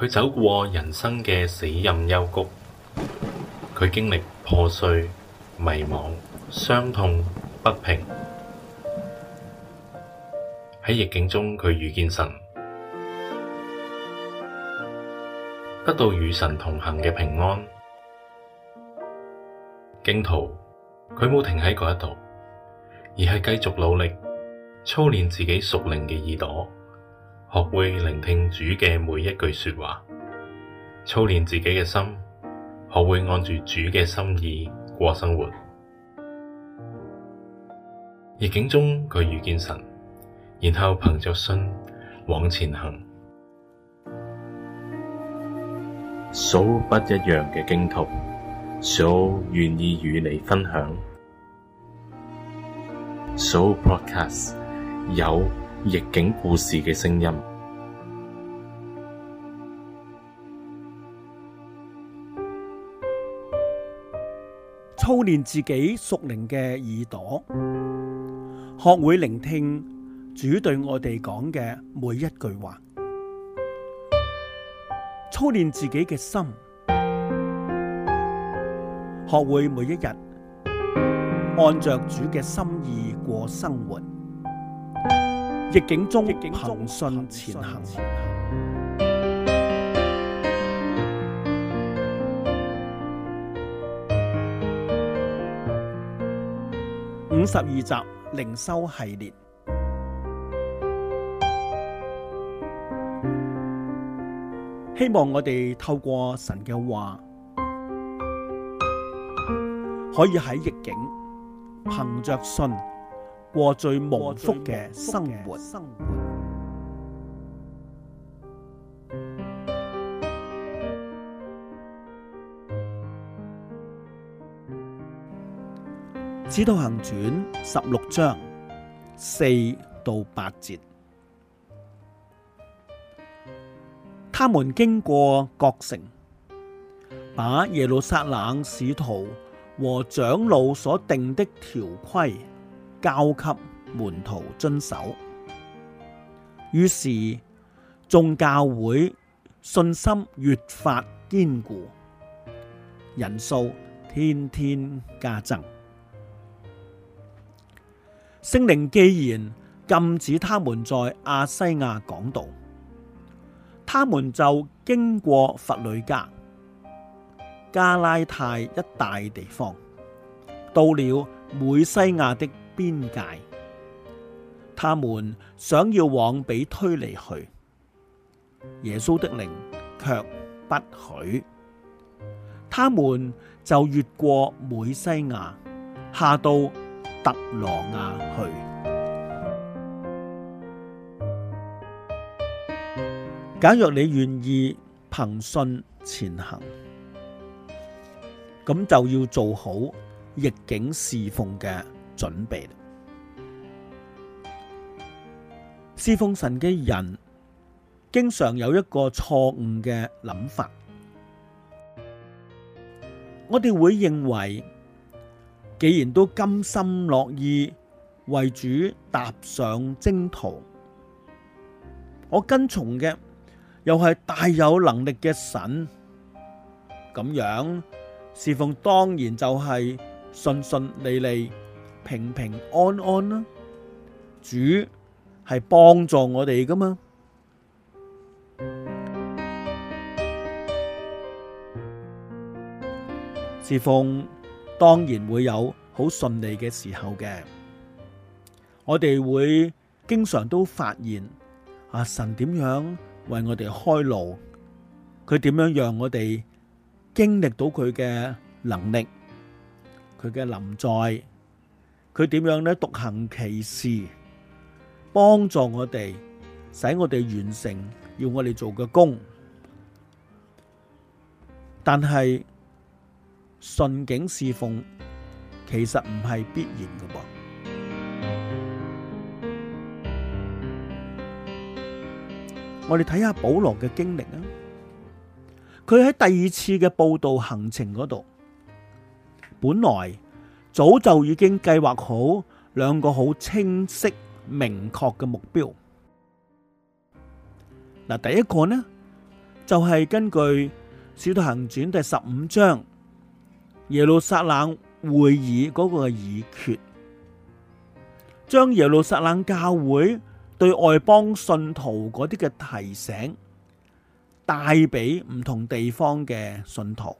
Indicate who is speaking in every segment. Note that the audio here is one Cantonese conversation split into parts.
Speaker 1: 佢走過人生嘅死蔭幽谷，佢經歷破碎、迷茫、傷痛、不平。喺逆境中，佢遇見神，得到與神同行嘅平安。荊徒，佢冇停喺嗰一度，而係繼續努力操練自己熟靈嘅耳朵。學會聆聽主嘅每一句說話，操練自己嘅心，學會按住主嘅心意過生活。逆境中佢遇見神，然後憑着信往前行。數不一樣嘅驚濤，數願意與你分享。數 podcast 有。逆境故事嘅聲音，
Speaker 2: 操練自己屬靈嘅耳朵，學會聆聽主對我哋講嘅每一句話。操練自己嘅心，學會每一日按着主嘅心意過生活。逆境中，憑信前行。五十二集靈修系列，希望我哋透過神嘅話，可以喺逆境，憑着信，過最蒙福嘅生活。《使徒行傳》十六章四到八節，他們經過各城，把耶路撒冷使徒和長老所定的條規，交給門徒遵守，於是眾教會信心越發堅固，人數天天加增。聖靈既然禁止他們在亞西亞講道，他們就經過弗呂家、加拉太一帶地方，到了每西亞的。邊界，他們想要往庇推尼去，耶穌的靈卻不許，他們就越過每西亞下到特羅亞去。假若你願意憑信前行，咁就要做好逆境事奉嘅準備啦，侍奉神嘅人，經常有一個錯誤嘅諗法。我哋會認為，既然都甘心樂意為主踏上征途，我跟從嘅又係大有能力嘅神，咁樣侍奉當然就係順順利利，平平安安啦，主係幫助我哋噶嘛。事奉當然會有好順利嘅時候嘅，我哋會經常都發現啊，神點樣為我哋開路，佢點樣讓我哋經歷到佢嘅能力，佢嘅臨在。佢點樣咧，獨行奇事，幫助我哋，使我哋完成要我哋做嘅工。但係順境事奉其實唔係必然嘅噃。我哋睇下保羅嘅經歷啊，佢喺第二次嘅佈道行程嗰度，本來。早就已經計劃好兩個好清晰明確嘅目標。嗱，第一個呢，就係、是、根據《使徒行傳》第十五章耶路撒冷會議嗰個議決，將耶路撒冷教會對外邦信徒嗰啲嘅提醒，帶俾唔同地方嘅信徒，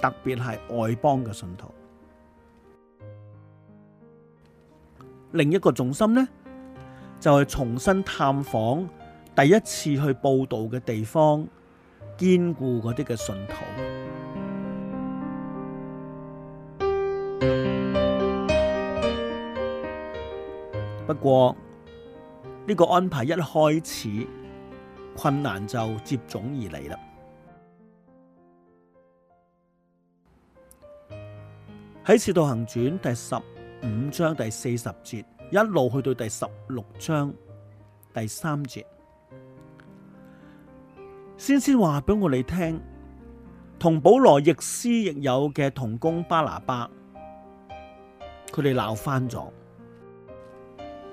Speaker 2: 特別係外邦嘅信徒。另一個重心呢，就係、是、重新探訪第一次去布道嘅地方，堅固嗰啲嘅信徒。不過呢、這個安排一開始困難就接踵而嚟啦。喺《使徒行傳》第十。五章第四十節一路去到第十六章第三節，先先話俾我哋聽，同保羅亦師亦友嘅同工巴拿巴，佢哋鬧翻咗，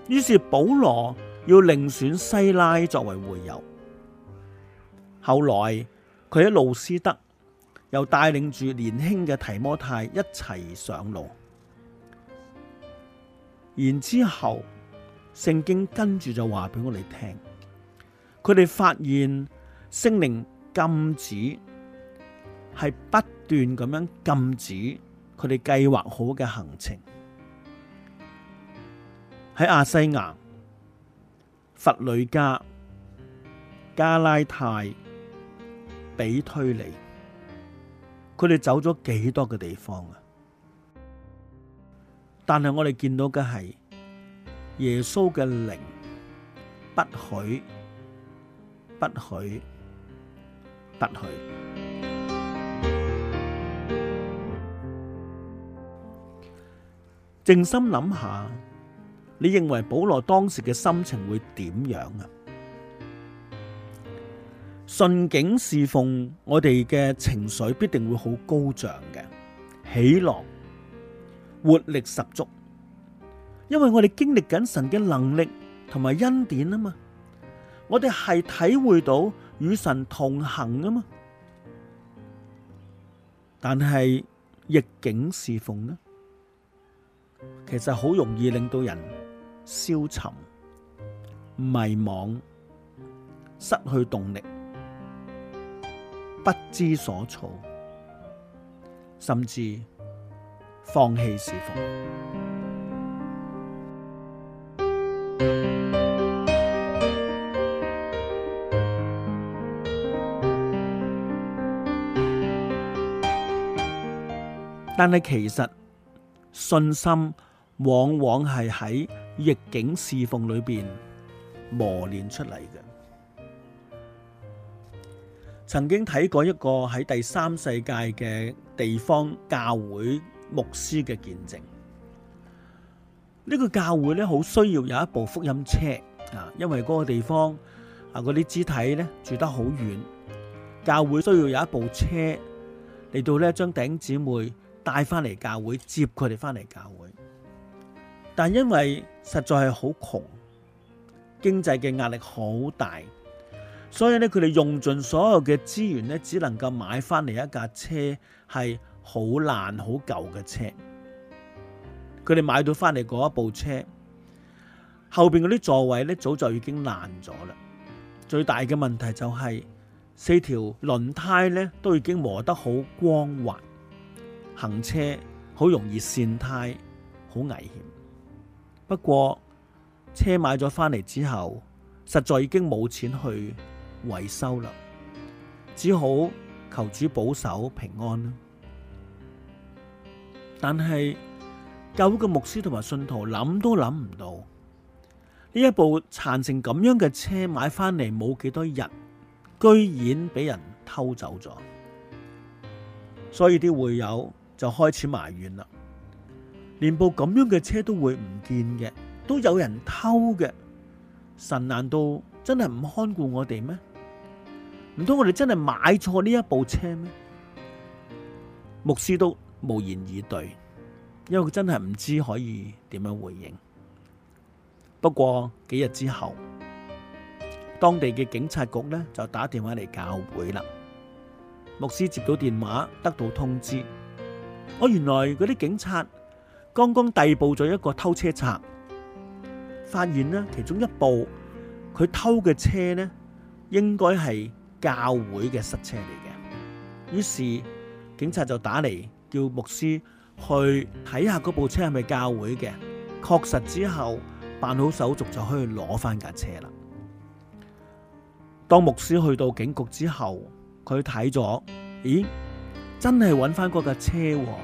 Speaker 2: 於是保羅要另選西拉作為會友，後來佢喺路斯德又帶領住年輕嘅提摩太一齊上路。然之後，聖經跟住就話俾我哋聽，佢哋發現聖靈禁止，係不斷咁樣禁止佢哋計劃好嘅行程，喺阿西亞、佛里加、加拉太、比推尼，佢哋走咗幾多嘅地方啊？但係我哋見到嘅係耶穌嘅靈，不許，不許，不許。靜心諗下，你認為保羅當時嘅心情會點樣啊？順境侍奉，我哋嘅情緒必定會好高漲嘅，喜樂。活力十足，因為我哋經歷緊神嘅能力同埋恩典啊嘛，我哋係體會到與神同行啊嘛。但係逆境事奉呢，其實好容易令到人消沉、迷惘、失去動力、不知所措，甚至。放棄侍奉，但係其實信心往往係喺逆境侍奉裏邊磨練出嚟嘅。曾經睇過一個喺第三世界嘅地方教會牧師嘅見證，呢個教會咧，好需要有一部福音車啊，因為嗰個地方啊嗰啲肢體咧，住得好遠，教會需要有一部車嚟到咧，將頂姊妹帶翻嚟教會，接佢哋翻嚟教會。但因為實在係好窮，經濟嘅壓力好大，所以咧，佢哋用盡所有嘅資源咧，只能夠買翻嚟一架車係好爛好舊嘅車，佢哋買到翻嚟嗰一部車，後邊嗰啲座位呢，早就已經爛咗啦。最大嘅問題就係四條輪胎呢，都已經磨得好光滑，行車好容易跣胎，好危險。不過車買咗翻嚟之後，實在已經冇錢去維修啦，只好求主保守平安。但係教會嘅牧師同埋信徒諗都諗唔到，呢一部殘成咁樣嘅車買翻嚟冇幾多日，居然俾人偷走咗，所以啲會友就開始埋怨啦。連部咁樣嘅車都會唔見嘅，都有人偷嘅，神難道真係唔看顧我哋咩？唔通我哋真係買錯呢一部車咩？牧師都無言以對，因為佢真係唔知可以點樣回應。不過幾日之後，當地嘅警察局呢就打電話嚟教會啦。牧師接到電話，得到通知，我、哦、原來嗰啲警察剛剛逮捕咗一個偷車賊，發現呢其中一部佢偷嘅車呢應該係教會嘅失車嚟嘅，於是警察就打嚟。叫牧師去睇下嗰部車係咪教會嘅，確實之後辦好手續就可以攞翻架車啦。當牧師去到警局之後，佢睇咗，咦，真係揾翻嗰架車啊，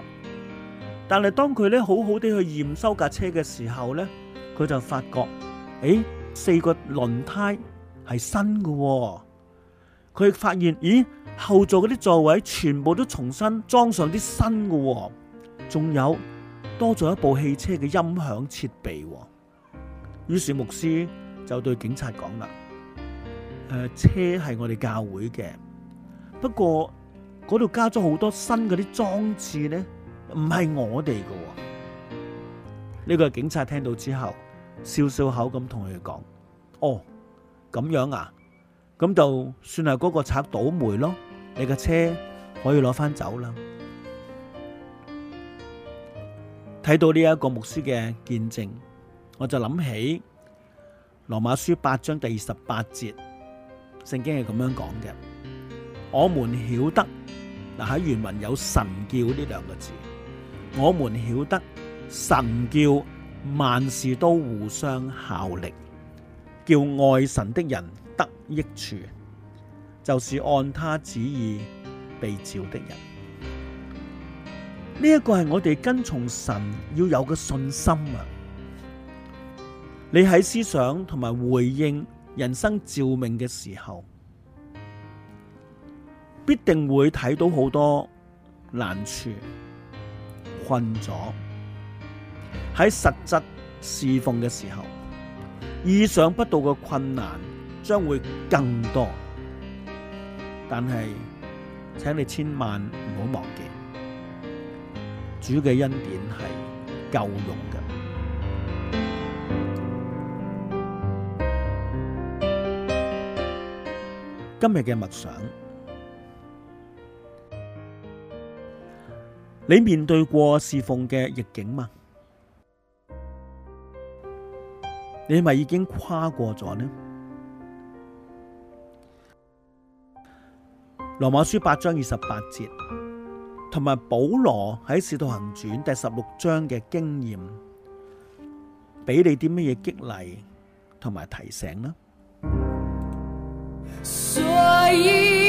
Speaker 2: 但係當佢呢好好地去驗收架車嘅時候呢，佢就發覺，誒，四個輪胎係新嘅啊，佢發現，咦。後座嗰啲座位全部都重新裝上啲新嘅、哦，仲有多咗一部汽車嘅音響設備、哦。於是牧師就對警察講啦：誒、呃，車係我哋教會嘅，不過嗰度加咗好多新嗰啲裝置咧，唔係我哋嘅、哦。呢、這個警察聽到之後，笑笑口咁同佢哋講：哦，咁樣啊，咁就算係嗰個賊倒霉咯。你嘅車可以攞翻走啦！睇到呢一個牧師嘅見證，我就諗起羅馬書八章第二十八節，聖經係咁樣講嘅：「我們曉得，嗱，喺原文有神叫呢兩個字，我們曉得神叫萬事都互相效力，叫愛神的人得益處。就是按他旨意被召的人，呢、這、一個係我哋跟從神要有嘅信心啊！你喺思想同埋回應人生召命嘅時候，必定會睇到好多難處、困阻。喺實質事奉嘅時候，意想不到嘅困難將會更多。但係，請你千萬唔好忘記，主嘅恩典係夠用嘅。今日嘅默想，你面對過侍奉嘅逆境嗎？你係咪已經跨過咗呢？羅馬書八章二十八節，同埋保羅喺《使徒行傳》第十六章嘅經驗，俾你啲乜嘢激勵同埋提醒呢？
Speaker 3: 所以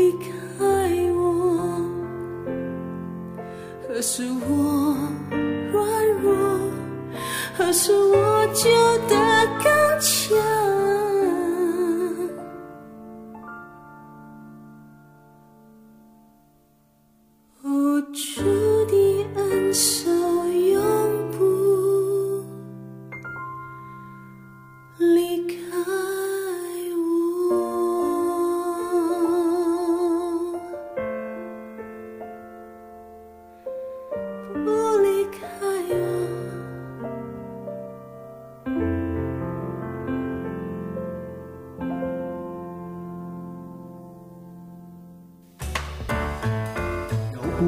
Speaker 3: 離開我，何時我軟弱，何時我就？